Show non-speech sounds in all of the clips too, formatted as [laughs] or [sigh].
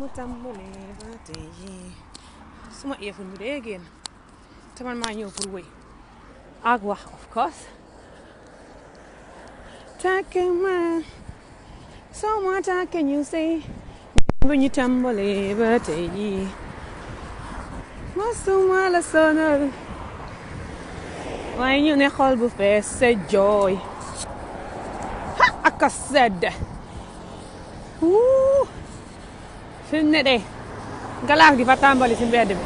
mu tàmbalee ba tey jii suma eeful bi day génn te man maa ñëw pour wéy ak of course tàkke ma soo ma tàkke ñu sëy bu ñu tàmbalee ba tey jii masuma la sonal waaye ñu ne xol bu fees sa jooy ha aka sedd fi mu ne de galaax gi fa tàmbali si mbedd bi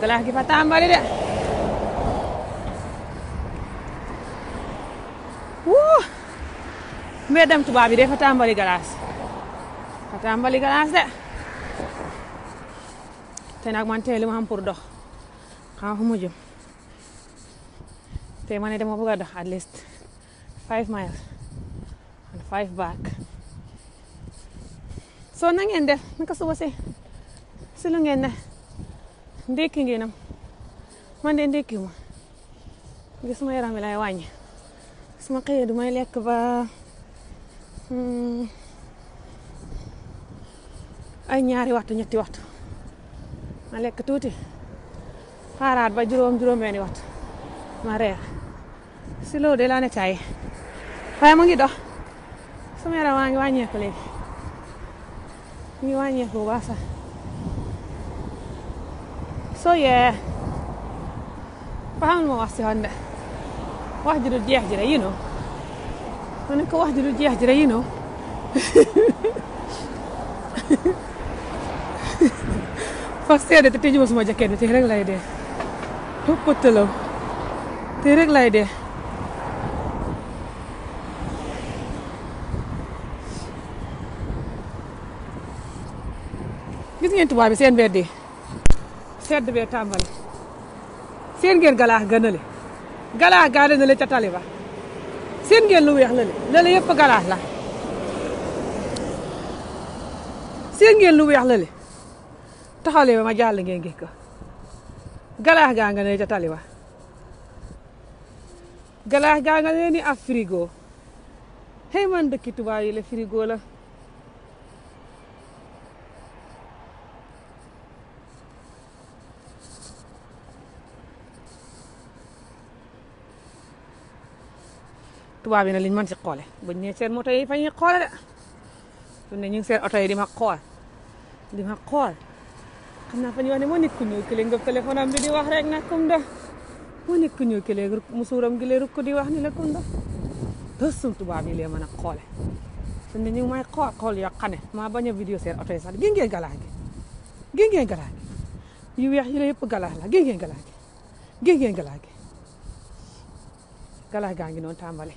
galaax gi fa tàmbali de wuu mbeddam tubaab bi de fa tàmbali galaas fa tàmbali galaas de te nag man tey li ma xam pour dox xam fu mu jëm te ma ne dama bëgg a dox at least five miles and five back soon na ngeen def naka suba si si lu ngeen ne ndékki ngeen am man de ndékki ma gis sama yaram bi lay wàññi ma xëyee du may lekk ba ay mm, ñaari waxtu ñetti waxtu ma lekk tuuti xaaraat ba juróom juróom benni waxtu ma reer si loolu de laa ne caay waaye mu ngi dox sama yaram waa ngi wàññeeku léegi miłanie hołasa. soo yee eh, waxaan ma wax si xonde wax ji du jeex ji rek you know ma ne ko wax ji du jeex ji rek you know [laughs] fas te tëjuma suma jaket bi te rek lay dee pëppëtëlaw te rek lay dee gis ngeen tubaab bi seen weer lu weex la le la le yëpp la seen ngeen lu weex la le taxalee ba ma jàll ngeen gis ko galaax gaa nga ne ca tali ba frigo xëy man dëkki tubaab la frigo la tubaab yi nag liñ mën ci xoole buñ ne seen moto yi fa ñuy xoole de su ne ñu oto yi di ma xool di ma xool xam naa fa ñu wax ne moo nit ku ñëw kële nga bi di wax rek nag kum da moo nit ku ñëw kële musuuram gi leer ko di wax ni la kum da dësum tubaab yi lee mën a xoole su ne ñu ngi may xool xool yoo ne maa bañ a vidéo seen oto yi sax gi ngeen galaas gi gi ngeen gi yu weex yi la yëpp galaas la gi ngeen galaas gi gi gaa ngi noonu tàmbale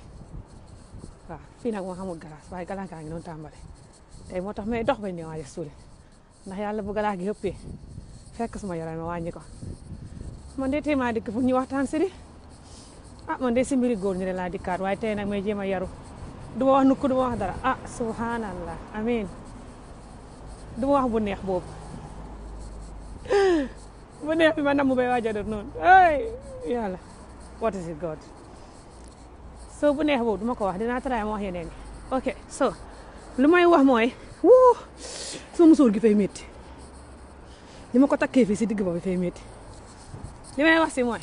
fii nag moo xamul galaas waaye galaas gaa ngi noonu tàmbale tey moo tax may dox bañ ne waaj a suule ndax yàlla bu galaas gi ëppee fekk suma yaram ma wàññi ko man de tey maa dikk pour ñu waxtaan si di ah man de si mbiri góor ñi de dikkaat waaye tey nag may jéem a yaru du ma wax nukku du wax dara ah subhanallah amin du wax bu neex boobu [laughs] bu neex bi ma namm bay waaj a def noonu ay what is it God so bu neex boobu duma ko wax dinaa taraay ma wax yeneen ok so lu may wax mooy wuu sama musóor gi fay métti li ma ko takkee fii si digg boobu fay métti li may wax si mooy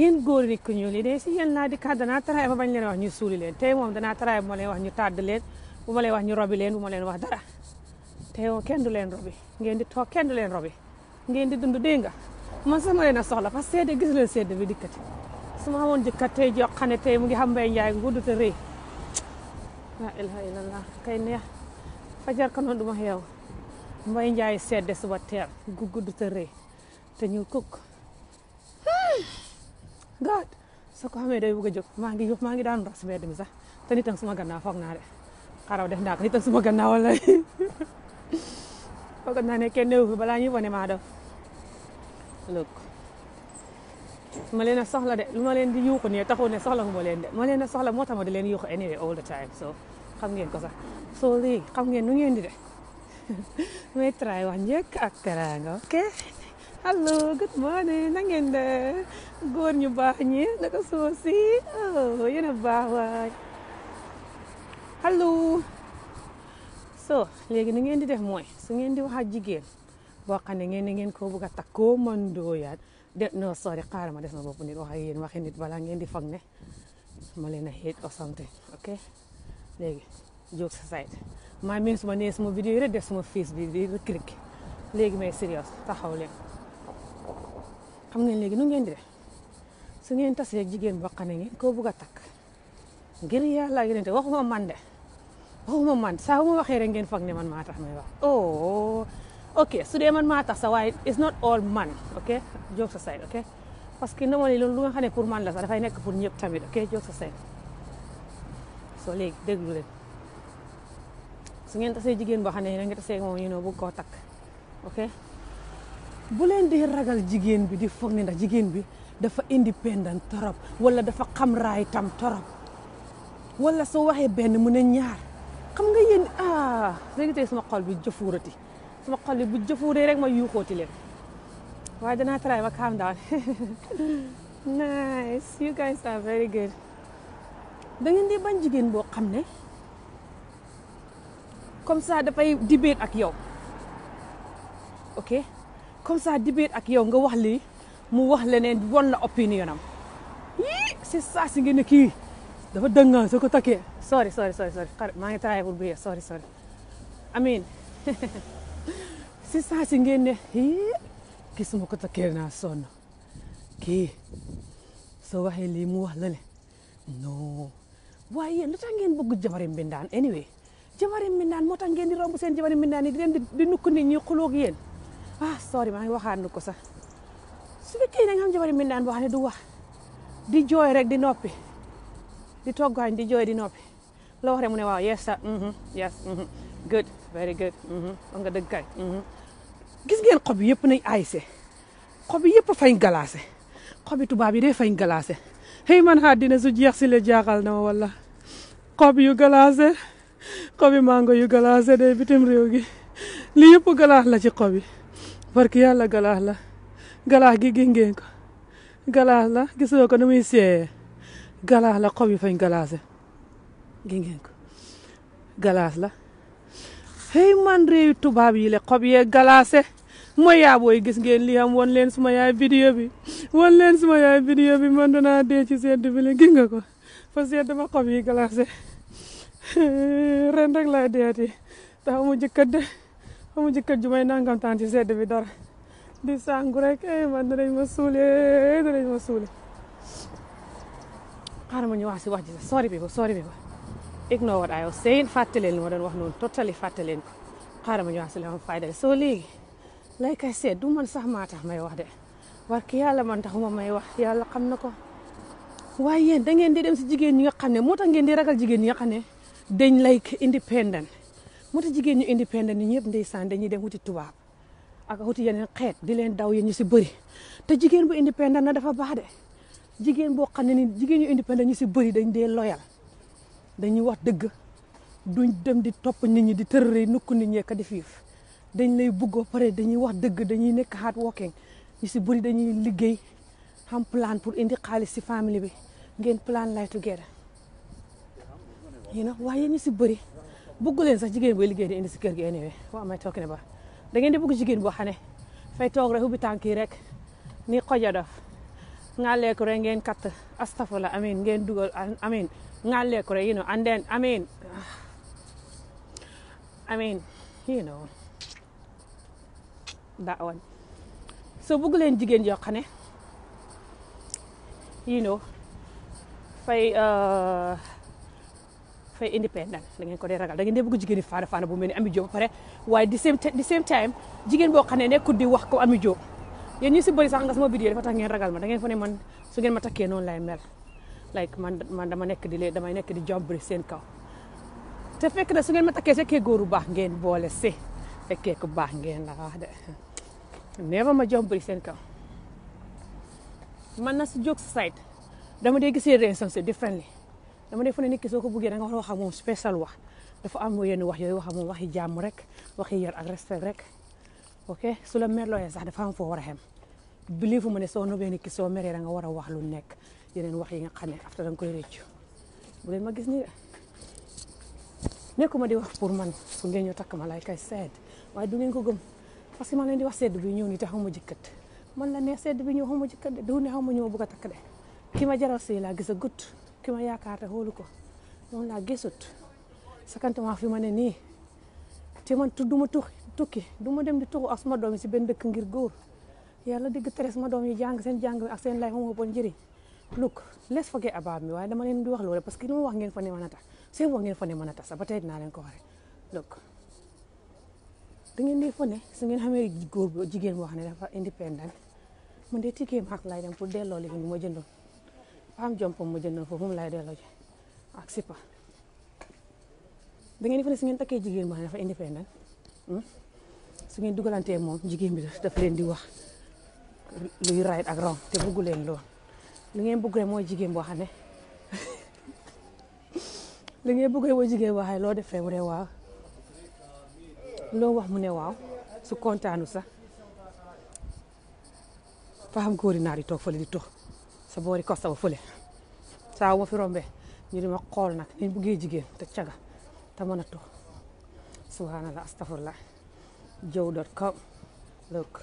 yéen góor nit ku ñuul de si yéen laa di kat danaa taraay ma bañ leen wax ñu suuli leen tey moom danaa taraay bu ma wax ñu tàdd leen bu ma leen wax ñu robi leen bu ma leen wax dara te moom kenn du leen robi ngeen di toog kenn du leen robi ngeen di dund dégg nga ma sama leen a soxla parce que seede gis leen seede bi dikkati suma ma xamoon jëkkat tey joo xam ne tey mu ngi xam mbay njaay gudd te rëy laa ilaha illallah kay neex fajar ka noonu duma xeew mbay njaay sedd suba teel gu gudd te rëy ñu kukk gaat soo ko xamee day bëgg a jóg maa ngi yóof maa ngi daan ras mbedd mi sax te nit ak suma gannaaw foog naa de xaraw def naa ko nit ak suma gannaaw wala [laughs] naa ne kenn néew fi balaa ñuy wane maa ma leen a soxla de lu ma leen di yuuxu ne taxul ne soxla ma leen de ma leen a soxla moo tax ma di leen yuuxu anyway all the time so xam ngeen ko sax so léegi xam ngeen nu ngeen di de [laughs] may try wax njëkk ak teraanga ok allo good morning na ngeen de góor ñu baax ñi naka soo si oh yéen baax waay allo so léegi nu ngeen di def mooy su ngeen di wax ak jigéen boo xam ne ngeen ne ngeen ko bëgg a takkoo man dooyaat de no sorry xaaral ma des na bopp nit wax ak yéen waxi nit balaa ngeen di foog ne ma leen a hate or something ok léegi jokes aside maa miin su nee suma vidéo yi rek def suma fiis bi di click léegi may serious taxaw leen xam ngeen léegi nu ngeen di def su ngeen tasee jigéen boo xam ne ngeen ko bugg a takk ngir yàlla ak yeneen te waxuma man de waxuma man saa bu waxee rek ngeen fag ne man maa tax may wax oh ok su dee ma maa tax sa waaye it's not all man ok jokes aside ok parce que normally loolu lu nga xam ne pour man la sax dafay nekk pour ñëpp tamit ok jokes aside soo léegi déglu leen su ngeen tasee jigéen boo xam ne yéen nga tasee moom you know bu koo takk bu leen di ragal jigéen bi di foog ne jigéen bi dafa indépendant torop wala dafa xam raay tam torop wala soo waxee benn mu ne ñaar xam nga yéen ah léegi tey sama xol bi jëfuurati suma xol bi bu jëfuuree rek ma yuuxooti leen waaye danaa try ma calm down [laughs] nice you guys are very good da ngeen di bañ jigéen boo xam ne comme ça dafay dibéet ak yow ok comme ça dibéet ak yow nga wax lii mu wax leneen won la opinion am yii si ça si ngeen ne kii dafa dëngaan soo ko takkee sorry sorry sorry sorry maa ngi try pour bu sorry sorry amiin [laughs] si saa ngeen ne kii suma ko takkee naa sonn kii soo waxee lii mu wax lale non waaye yéen lu tax ngeen bëgg jabari mbindaan anyway jabari mbindaan moo tax ngeen di romb seen jabari mbindaan yi di leen di nukk nit ñi xulóog yéen ah sorry maa ngi waxaan nu ko sax su fekkee da nga xam jabari ne du wax di jooy rek di noppi di toggaañ di jooy di noppi loo wax mu ne waaw yes sir mm-hmm, mm-hmm. good very good wax nga dëgg kay gis ngeen xob yëpp ay se xob yëpp fañ galaase xobi tubaab yi day fañ galaase xëy man àddina su jeex si la jaaxal na wala xob yu galaase xobi mango yu galaase day bitim réew gi li yëpp galaas la ci xob yi barki yàlla galaas la galaas gi gis ngeen ko galaas la gisoo ko nu muy seeyee galaas la xob yi fañ galaase gis galaas la hey man réewi tubaab yile le xob yee galaase mooy yaa booy gis ngeen li am won leen suma yaay vidéo bi won leen suma yaay vidéo bi man danaa dee ci sedd bi le gis nga ko fa sedd dama xob yi galaase [laughs] ren rek laay deeti te amu jëkkër de amu jëkkër ju may nangam taan ci sedd bi dara di sangu rek eh man danañ ma suule ma suule si wax ji sax sori bi ko sori bi ko ignore what I was saying fàtte leen li ma doon wax noonu totally fàtte leen ko xaaral ma ñu wax si la ma fayda soo léegi like I said du man sax maa tax may wax de barki yàlla man taxuma may wax yàlla xam na ko waaye yéen da ngeen di dem si jigéen ñi nga xam ne moo tax ngeen di ragal jigéen ñi nga xam ne dañ like independent moo tax jigéen ñu independent ñi ñëpp ndeysaan dañuy dem wuti tubaab ak wuti yeneen xeet di leen daw yéen ñu si bëri te jigéen bu independent na dafa baax de jigéen boo xam ne ni jigéen ñu independent ñu si bëri dañ dee loyal dañuy wax dëgg duñ dem di topp nit ñi di tërëree nukk nit ñee ka di fiif dañ lay bugg a pare dañuy wax dëgg dañuy nekk hard working ñu si bëri dañuy liggéey xam plan pour indi xaalis si famille bi ngeen plan lay together yéen a waaye ñu si bëri bugg leen sax jigéen booy liggéey di indi si kër gi anyway waaw may toog ne ba da ngeen di bugg jigéen boo xam ne rek ubbi tànk yi rek ni xoja daf ngaleeku rek ngeen katt astafurlah amin ngeen dugal amin ngaleeku rek you know and then amin amin you know that one so bëgg leen jigéen yoo xam ne you know fay uh, fay indépendant da ngeen ko dee ragal da dee bëgg jigéen faana faana bu mel ni Ami Jobe ba pare waaye di same di same time jigéen boo xam ne nekkul di wax ko Ami yen ñu si bëri sax nga sama vidéo dafa tax ngeen ragal ma da ngeen fa ne man su ngeen ma takkee noonu lay mel like man man dama nekk di lee damay nekk di jombri seen kaw te fekk na su ngeen ma takkee fekkee góoru baax ngeen boole se fekkee ku baax ngeen la wax de neefa ma jombri seen kaw man na si jóg sa side dama dee gisee relationship differently dama dee fu ne ni ki soo ko buggee da nga war a wax ak moom spécial wax dafa am yenn wax yooyu wax ak moom waxi jàmm rek waxi yar ak respect rek ok su la mer looyee sax dafa am foo war a xem biliifu ma ne soo nobee ni ki soo meree da nga war a wax lu nekk yeneen wax yi nga xam ne afta da nga koy rëccu bu leen ma gis nii de nekkuma di wax pour man su ngeen ñëw takk ma lay kay sedd waaye du ngeen ko gëm parce que ma leen di wax sedd bi ñëw nii te xaw ma jëkkat man la neex sedd bi ñëw ma jëkkat de ne xaw ma ñëw bëgg a takk de ki ma jaral sëy laa gis a gut ki ma yaakaar te xoolu ko moom laa gisut fi ma ne nii te man tudduma tuxi tukki du ma dem di tuxu ak suma doom yi si benn dëkk ngir góor yàlla digg tere suma doom yi jàng seen jàng ak seen lay moom moo bon njëriñ look let's forget about me waaye dama leen di wax loolu parce que li ma wax ngeen fa ne mën a tax seen wax ngeen fa ne mën a tax sax ba tey dinaa leen ko waxee look da ngeen di fa su ngeen xamee góor jigéen boo xam ne dafa indépendant man de tikkee maak laay dem pour delloo li ma jëndoon paam jompam ma jëndoon foofu moom laay delloo ji ak sipa da ngeen di fa ne su ngeen takkee jigéen boo xam ne dafa su ngeen dugalantee moom jigéen bi daf leen di wax luy right ak wrong te bëggu leen lool li ngeen bëgg mooy jigéen boo xam ne [laughs] li ngeen bëgg rek jigéen boo xam ne loo def rek mu ne waaw loo wax mu ne waaw su kontaanu sax faam góori naar yi toog fële di tox sa boori kosta saa ma ñu di xool nag niñ buggee jigéen te caga te mën a tox subhanallah astafurlah joe.com look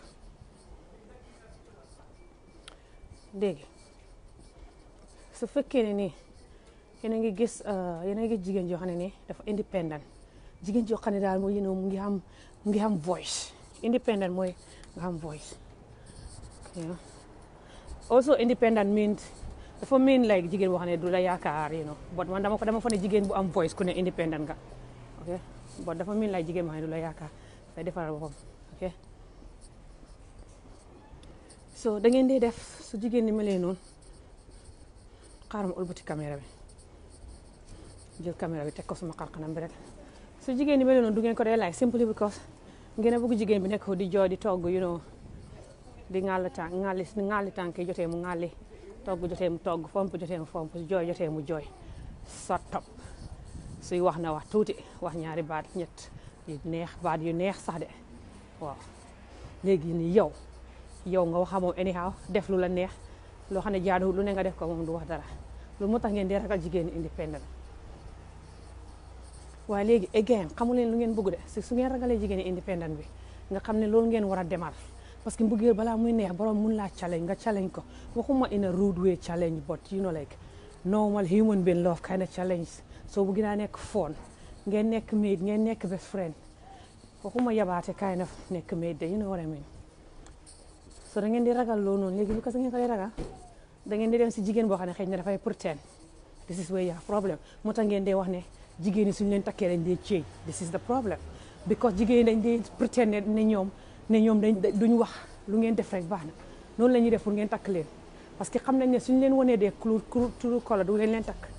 dégg su fekkee ne nii yéen a ngi gis uh, yéen a jigéen joo xam ne nii dafa indépendant jigéen joo xam ne daal mooy yéen mu ngi am mu ngi am voice indépendant mooy nga am voice also independent means dafa mean like jigéen boo xam ne du la yaakaar you know but man dama ko dama fa ne jigéen bu am voice ku ne indépendant nga ok but dafa mean like jigéen boo xam ne du la yaakaar day defaral boppam so da ngeen dee def su jigéen ni ma leen noonu xaaral ma ëlbati caméra bi jël caméra bi teg ko suma xarxanam bi rek su jigéen ni ma leen noonu du ngeen ko de like simply because ngeen a bëgg jigéen bi nekk di jooy di togg you know di ŋàll tànk ŋàlli ŋàlli tànk yi jotee mu ŋàlli togg jotee mu togg fomp jotee mu fomp jooy jotee mu jooy sa topp suy wax na wax tuuti wax ñaari baat ñett yu neex baat yu neex sax de waaw léegi nii yow yow nga wax moom anyhow def lu la neex loo xam ne jaaduwul lu ne nga def ko moom du wax dara lu mu tax ngeen di ragal jigéen indépendant waaye léegi again xamu leen lu ngeen bëgg de si su ngeen ragalee jigéen indépendant bi nga xam ne loolu ngeen war a demar parce que mbëggeel balaa muy neex borom mun laa challenge nga challenge ko waxuma in a rude way challenge but you know like normal human being love kind of challenge soo bëgg naa nekk foon ngeen nekk mate ngeen nekk best friend waxuma yabaate kind naf nekk mate de you know what I mean so da ngeen di ragal loo noonu léegi because ngeen koy ragal da ngeen di dem si jigéen boo xam ne xëy na dafay pretend this is where you problem moo tax geen dee wax ne jigéen ñi suñu leen takkee dañ dee change this is the problem because jigéen dañ dee pretend ne ñoom ne ñoom dañ duñ wax lu ngeen def rek baax na noonu la ñuy def pour ngeen takk leen parce que xam nañ ne suñu leen wanee dee clou true color du leen leen takk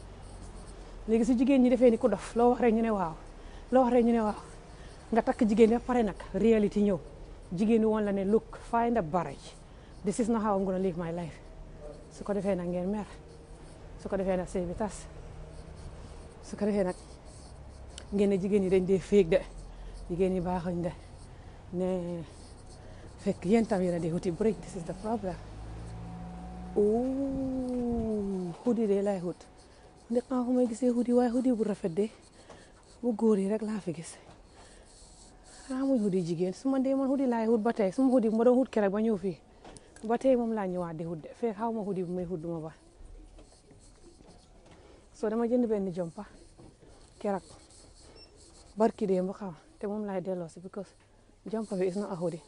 léegi su jigéen ñi defee ni ku dof loo waree rek ñu ne waaw loo wax ñu ne waaw nga takk jigéen ñi pare nag réalité ñëw jigéen ñi woon la ne look find nda barrage this is not how I'm gonna live my life su ko defee nag ngeen mer su ko defee nag sëy bi tas su ko defee nag ngeen jigéen ñi dañ dee féeg de jigéen ñi baaxuñ de ne fekk yéen tam yéen a dee wuti break this is the problem. ooh who did they lie with ne xaw ma gisee hoodie waaye hoodie bu rafet de bu góor yi rek laa fi gis xamuñ hoodie jigéen su ma dee man hoodie laay wut ba tey su ma hoodie ma doon wut keroog ba ñëw fii ba tey moom laa ñëwaat di wut de fekk xaw ma hoodie bu may wut duma ba soo dama jënd benn jompa keroog barki dee ba xaw te moom laay delloo si because jompa bi is not a hoodie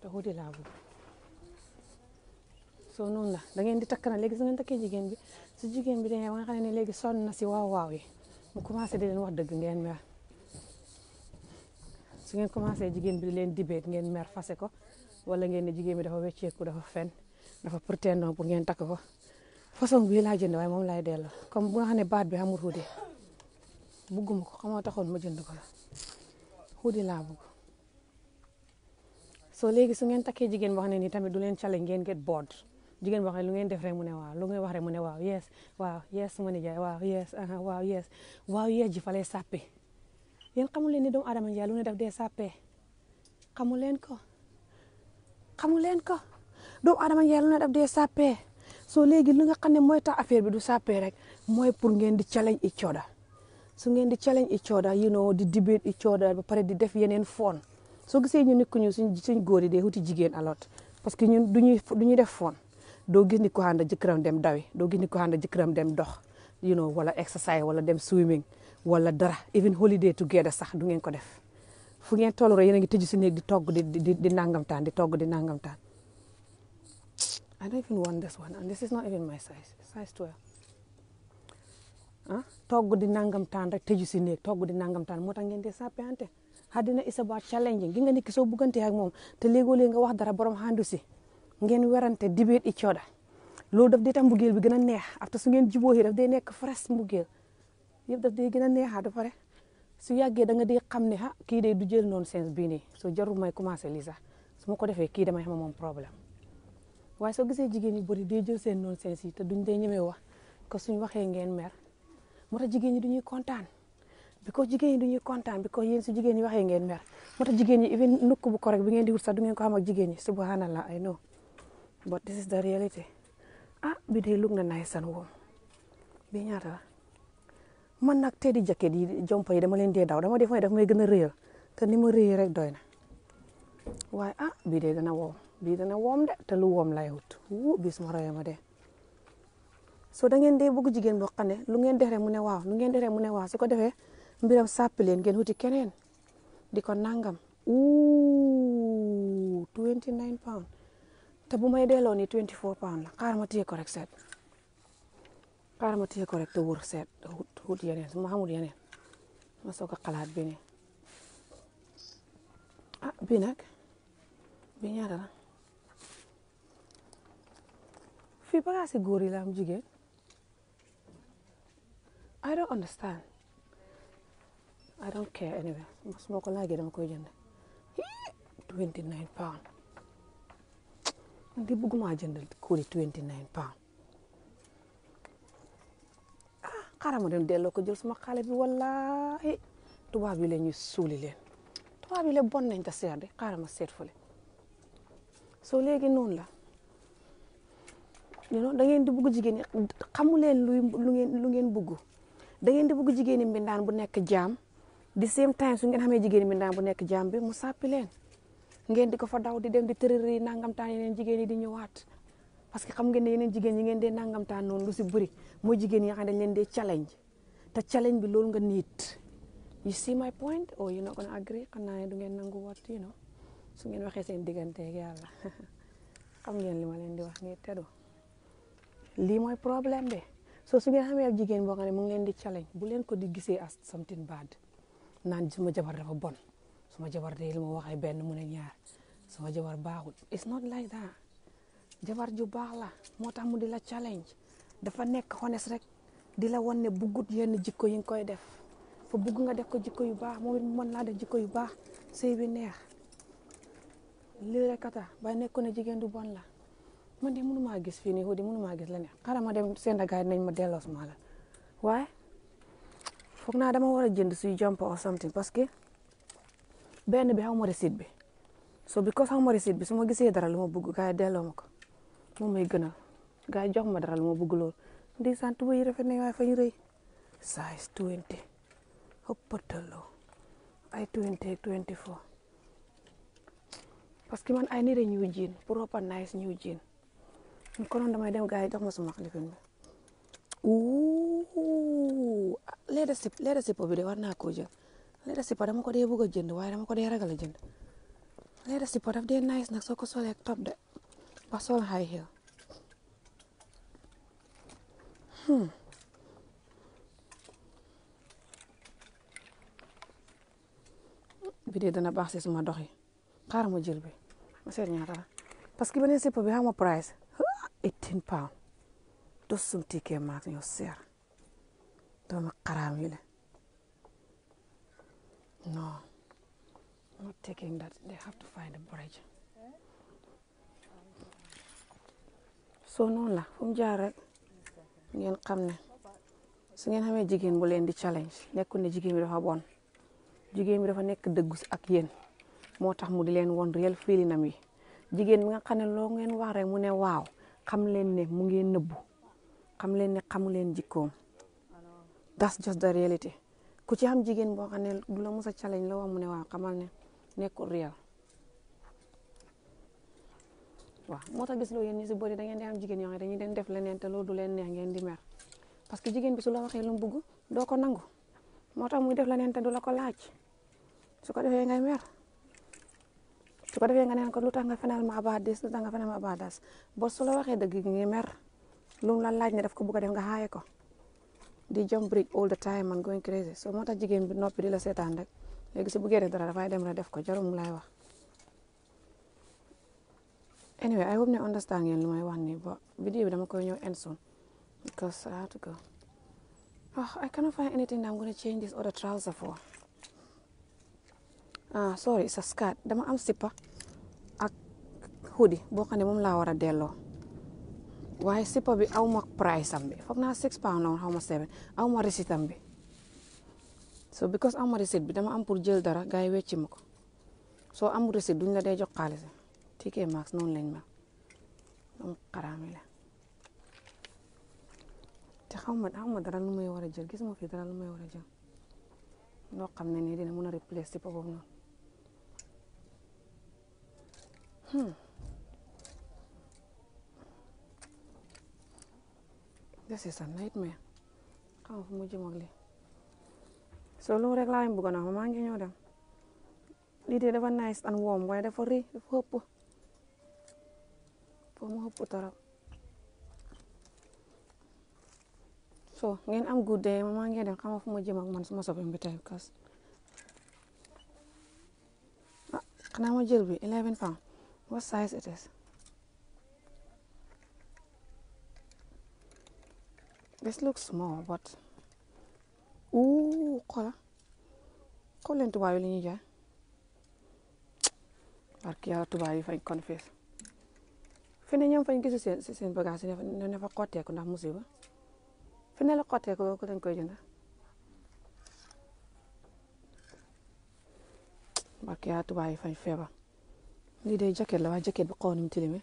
te hoodie laa bëgg soo noonu la da di takk na léegi su ngeen takkee jigéen bi su jigéen bi demee ba nga xam ne léegi sonn na si waaw waaw mu commencé di leen wax dëgg ngeen mer su ngeen commencé jigéen bi di leen dibeet ngeen mer fase ko wala ngeen ne jigéen bi dafa wecceeku dafa fen dafa prétendant pour ngeen takk ko façon bii laa jënd waaye moom laay delloo comme bu nga xam ne baat bi amul xuude bugguma ko xamoo taxoon ma jënd ko la xuude laa bugg soo léegi su ngeen takkee jigéen boo xam ne nii tamit du leen challenge ngeen get bored jigéen boo xam ne lu ngeen def rek mu ne waaw lu ngeen wax mu ne waaw yes waaw yes sama nijaay waaw yes aha waaw yes waaw yes ji fa lay sàppe yéen xamul leen ni doomu aadama njaay lu ne def dee sàppee xamul leen ko xamul leen ko doomu aadama njaay lu ne def dee sàppee soo léegi lu nga xam ne mooy tax affaire bi du sàppee rek mooy pour ngeen di challenge each other su ngeen di challenge each yino di debate each pare di def yenen foon soo gisee ñu nit ku ñu suñ suñ góor yi dee wuti jigéen alot parce que ñun du ñuy du ñuy foon doo gis ni ko xam jëkkëram dem dawi doo gis ni ko xam jëkkëram dem dox you wala exercise wala dem swimming wala dara even holiday together sax du ngeen ko def fu ngeen toll rek yéen a ngi tëju si néeg di togg di di di nangamtaan di togg di nangamtaan I don't even want this one and this is not even my size size 12 ah, togg di nangamtaan rek tëju si néeg togg di nangamtaan moo tax ngeen di sàppante àddina is about challenging gi nga nekk soo buggante ak moom te léegoo léeg nga wax dara borom xandu si ngeen werante dibéet i cooda loolu daf day tax mbugeel bi gën a neex afta su ngeen jiboo yi daf day nekk fresh mbugeel yëpp daf day gën a neexaa ah, dafa pare su yàggee da nga di xam ne ah kii day du jël noonu sens bii nii soo jarul may commencé lii sax su ma ko defee kii damay xam moom problème waaye soo gisee jigéen ñi bëri day jël seen noonu sens yi te duñ day ñemee wax ko suñ waxee ngeen mer moo tax jigéen ñi duñuy kontaan bi ko jigéen ñi duñuy kontaan bi ko yéen su jigéen ñi waxee ngeen mer moo tax jigéen ñi even nukk bi ngeen di wut sax du ko xam ak jigéen ñi subhanallah ay no but this is the reality ah bi dey na nice and warm bi ñaata man nag tey di jacket yi jompa yi dama leen dee daw dama def may def may gën a réyal te ni ma réyee rek doy na waaye ah bi dee dana woom bii dana woom de te lu woom lay wut wuu bis ma royee ma de so da ngeen dee bëgg jigéen boo xam ne lu ngeen def mu ne waaw lu ngeen def rek mu ne waaw su ko defee mbiram sàppi leen ngeen wuti keneen di ko nangam. ouh 29 pounds te bu may delloo nii 24 pounds la xaar ma téye ko rek seet ma téye ko rek te wóor seet wut su ma xamul yeneen ma soog a xalaat bi nii ah bii nag bii fii bagaasi góor yi la am I don't understand I don't care anyway su ma ko laajee dama koy jënd 29 pounds. man de bëgguma jëndal kóoli 29 pounds ah xaaral ma dem delloo ko jël suma xale bi wallaahi tubaab yi la ñuy suuli leen tubaab yi la bon nañ ta seet de xaaral ma seet fële soo léegi noonu la non da ngeen di bëgg jigéen ñi xamu leen luy lu ngeen lu ngeen bëgg da ngeen di bëgg jigéen ñi mbindaan bu nekk jam di same time su ngeen xamee jigéen ñi mbindaan bu nekk jaam bi mu sàppi leen. ngeen di ko fa daw di dem di tërëri nangamtaan yeneen jigéen yi di ñëwaat parce que xam ngeen ne yeneen jigéen yi ngeen dee nangamtaan noonu lu si bëri mooy jigéen yi dañ leen dee challenge te challenge bi loolu nga niit you see my point or oh, you not gonna agree xam naa ne du ngeen nangu wat you know su ngeen waxee seen digganteeg yàlla [laughs] xam ngeen li ma leen di wax nii teddu lii mooy problème bi so su ngeen xamee ab jigéen boo xam ne mu ngi leen di challenge bu leen ko di gisee as something bad naan sama jabar dafa bon sama jabar de li ma waxee benn mu ne ñaar sama jabar baaxu it's not like that jabar ju baax la moo tax mu di la challenge dafa nekk honest rek di la wan ne buggut yenn jikko yi nga koy def fa bugg nga def ko jikko yu baax moom it mu mën laa def jikko yu baax sëy bi neex lii rek ata ba nekkoon ne jigéen du bon la man di mënu maa gis fii nii di mënu maa gis la ne xaaral ma dem seen dagaay nañ ma delloos maa la waaye foog naa dama war a jënd suy benn bi xaw ma receipt bi so because xaw ma receipt bi su ma gisee dara lu ma bëgg gars yi delloo ma moom may gënal gars yi jox ma dara lu ma bëgg lool ndeysaan yi rafet nañ waaye fa ñu rëy size 20 ëppataloo ay que man ay nii rek ñuy jiin proper nice ñuy jiin konoon damay dem gars yi jox ma suma xalifin bi ouh leeda sip leeda sip bi de war naa leeda si po dama ko dee bëgg a jënd waaye dama ko dee ragal a jënd leeda si po daf dee nice nag soo ko solee ak de ba sol high heel hmm. bi dee dana baax suma dox yi xaaral ma jël ma seet ñaata la parce que beneen sipp bi xam nga price eighteen pound dos sum tiikee maak ñoo seer doomi xaraam yi la No, not taking that. They have la fu jaar rek ngeen xam ne su ngeen xamee jigéen bu leen di challenge nekkul ne jigéen bi dafa bon jigéen bi dafa nekk dëggu ak yéen moo tax mu di leen won real feeling am yi jigéen bi nga ne loo ngeen wax rek mu ne waaw xam leen ne mu ngeen nëbbu xam leen ne xamu leen jikkoom that's just the reality ku ci xam jigéen boo xam ne du la mos a challenge la waa mu ne waaw xamal ne nekkul réel waaw moo tax gis loo yéen ñu si bëri da ngeen di am jigéen yoo xam ne dañuy den def leneen te loolu du leen neex ngeen di mer parce que jigéen bi su la waxee lu mu bëgg ko nangu moo tax muy def leneen te du la ko laaj su ko defee ngay mer su ko defee nga neen lu tax nga fenal ma abaa lu tax nga fenal ma abaa das boo su la waxee dëgg ngi mer lu mu la laaj ne def ko bëgg a def nga xaaye ko. di jump bridge all the time man going crazy so moo tax jigéen bi noppi di la seetaan rek léegi su buggee def dara dafay dem rek def ko jarum lay wax anyway I hope ne understand ngeen lu may wax nii ba vidéo bi dama koy ñëw end soon because I have to go oh I cannot find anything that I'm gonna other trouser for ah, sorry it's a skirt dama am sipa ak hoodie boo xam ne moom laa war a delloo waaye sipa bi aw ma price am bi foog naa six pound xaw ma seven aw ma receipt am bi so because aw ma receipt bi dama am pour jël dara ga yi wecci ma ko soo amul receipt duñ la dee jox xaalis TK Maxx noonu lañ mel am xaraami la te xaw ma xaw ma dara lu may war a jël gis ma fi dara lu may war a jël loo xam ne nii dina mën a replace sipa boobu noonu hmm. This is a nightmare xam fu mu jëm ak so loolu rek laa leen bëggoon a maa ngi ñëw dem lii de dafa nice and warm waaye dafa rëy dafa ëpp foo mu ëpp torop so ngeen am good day maa ngi dem xam fu mu jëm man suma soppi bi tey kas ah xanaa ma jël bi 11 pound size it is this looks small but ooh xoola xool leen tubaab yi li ñuy jaay barki yàlla tubaab yi fañ kon fees fi ne seen seen bagage ne ne fa xotteeku ndax musiba fi ne la xotteeku ko lañ koy jënd barki yàlla tubaab yi fañ feebar lii day jacket la waaye jacket bi xaw nañu tilime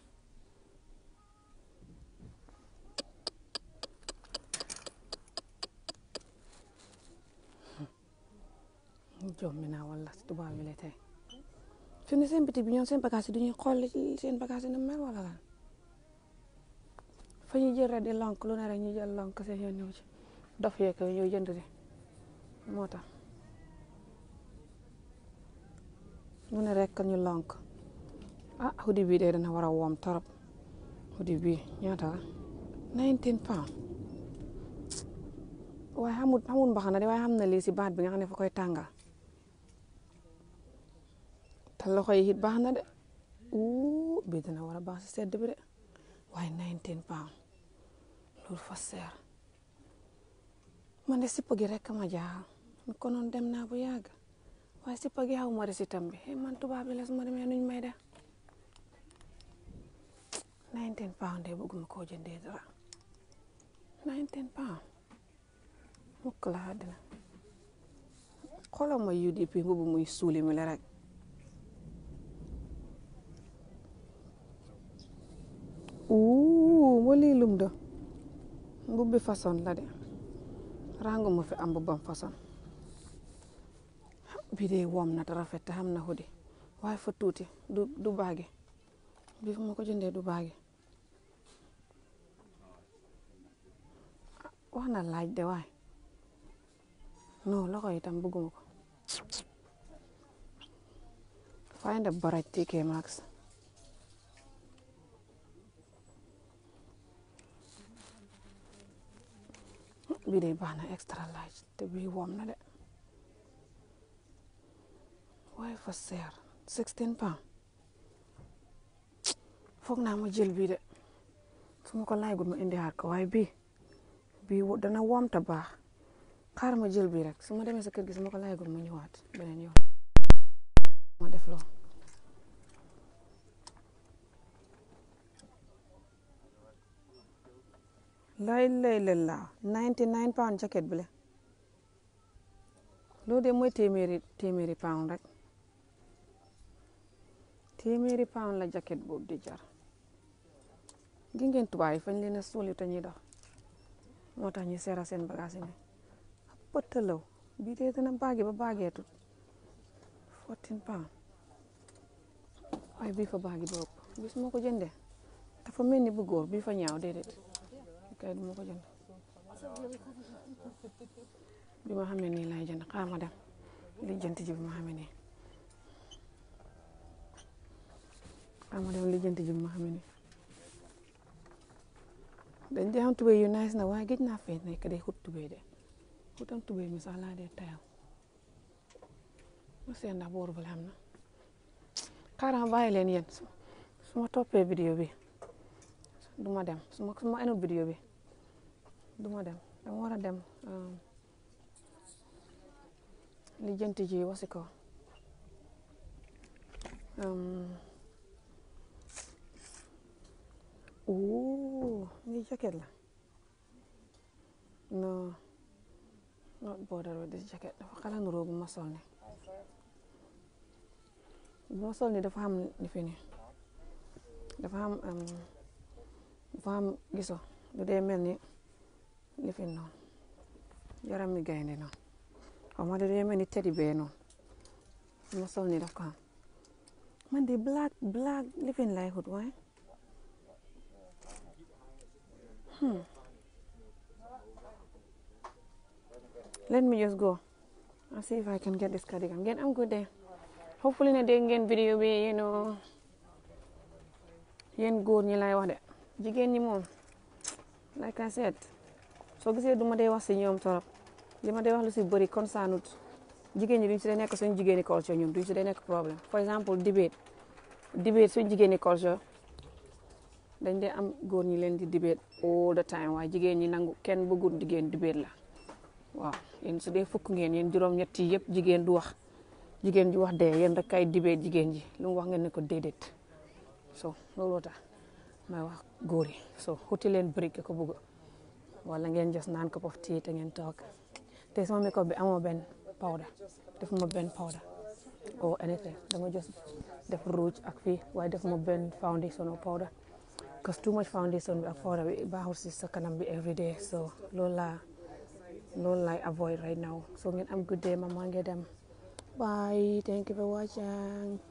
jommi naa wala si tubaab bi la tey fi seen bitik bi ñoom seen bagage yi du seen bagage yi ni mel wala lan fa ñuy jël di lonk lu ne rek ñu jël lonk seen yoon ñëw ci dof yeeg ñëw jënd si moo tax lu ne rek ñu lonk ah hoodie bii de dana war a woom torop hoodie bii ñaata la 19 pounds waaye xamul xamul mbaxana de waaye xam na lii si baat bi nga xam ne fa koy tàngal loxo yi it baax na de wuu bii dina war a baax si sedd bi de waaye 19 pounds loolu fa seer man de sipp gi rek ma jaaxal konoon dem naa bu yàgg waaye sipp gi xaw ma resi tam man tubaab bi ma demee nuñ may de 19 pounds de bëgguma koo jëndee dara 19 pounds mu laa dina xoolal ma UDP boobu muy suuli mi la rek. wo lii lum da mbubbi façon la de rango mo fi am mbubbam façon bi de na te rafet te xam na xudi waaye fa tuuti du du baagi bi fu ma ko jëndee du baagi wax na laaj de waaye non loxo itam bëgguma ko find a bright TK Maxx bii de baax na extra large te bii woom na de waaye fa seer 16 pounds foog naa ma jël bii de su ma ko laay gud ma indi xaar ko waaye bii bii dana woom ta baax xaar ma jël bii rek su ma demee sa kër gi su ma ko laay gud ma ñëwaat beneen yoon ma lay lay la laa ninety nine pound jacket bi la loolu de mooy téeméeri téeméeri pound rek téeméeri pound la jacket boobu di jar gi ngeen tubaab yi fañ leen a suul te dox moo tax ñu seera seen bagage yi pëttalaw bii de dana baagi ba baageetut fourteen pound waaye bii fa baagi ba ëpp bis moo ko jëndee dafa mel ni bu góor bii fa ñaaw déedéet kay du ma ko jënd bi ma xamee nii lay jënd xaar ma dem lijjanti ji bi ma xamee nii xaar ma dem lijjanti ji bi ma xamee nii dañ dee am tubéy yu nice na waaye géej naa fee nekk day xut tubéy de xutam tubéy mi sax laa dee tayam mu seen ndax booru bala am na xaaral bàyyi leen yéen su ma toppee vidéo bi du ma dem suma ma su ma enu bi duma dem dama war a dem euh, li ji wasiko ko euh, oo ni jacket la no not bothered with this dafa xala nuroo bu ma sol ni dafa am li dafa am euh, dafa am giso lu dee ni lifin noon yaram mi gaynde noon o ma dede mani teddy bear noon ma sol ni daf ko am man de black black lifin lay hut waaye hmm. let me just go and see if I can get this cardigan again I'm good there hopefully na dégg ngeen vidéo bi yéen yéen góor ñi lay wax de jigéen ñi moom like I said soo gisee du ma dee wax si ñoom torop li ma dee wax lu si bëri saanut jigéen ñi duñ si dee nekk suñ jigéeni culture ñoom duñ si dee nekk problème for exemple debate debate suñ jigéeni culture dañ dee am góor ñi leen di debate all the time waaye jigéen ñi nangu kenn bëggul jigéen debate la waaw yéen su dee fukk ngeen yéen juróom-ñett yi yëpp jigéen du wax jigéen ji wax dee yéen rek kay debate jigéen ji lu wax ngeen ne ko déedéet so looloo tax may wax góor yi so xuti leen bëri ko bëgg wala ngeen jos naan ko of tea te ngeen toog te sama makeup bi amoo benn powder defuma benn powder or oh, anything dama jos def ruuj ak fii waaye defuma benn foundation or powder because too much foundation bi ak powder bi baaxul si sa kanam bi every day so loolu laa loolu laay avoid right now so ngeen am good day ma maa ngi dem bye thank you for watching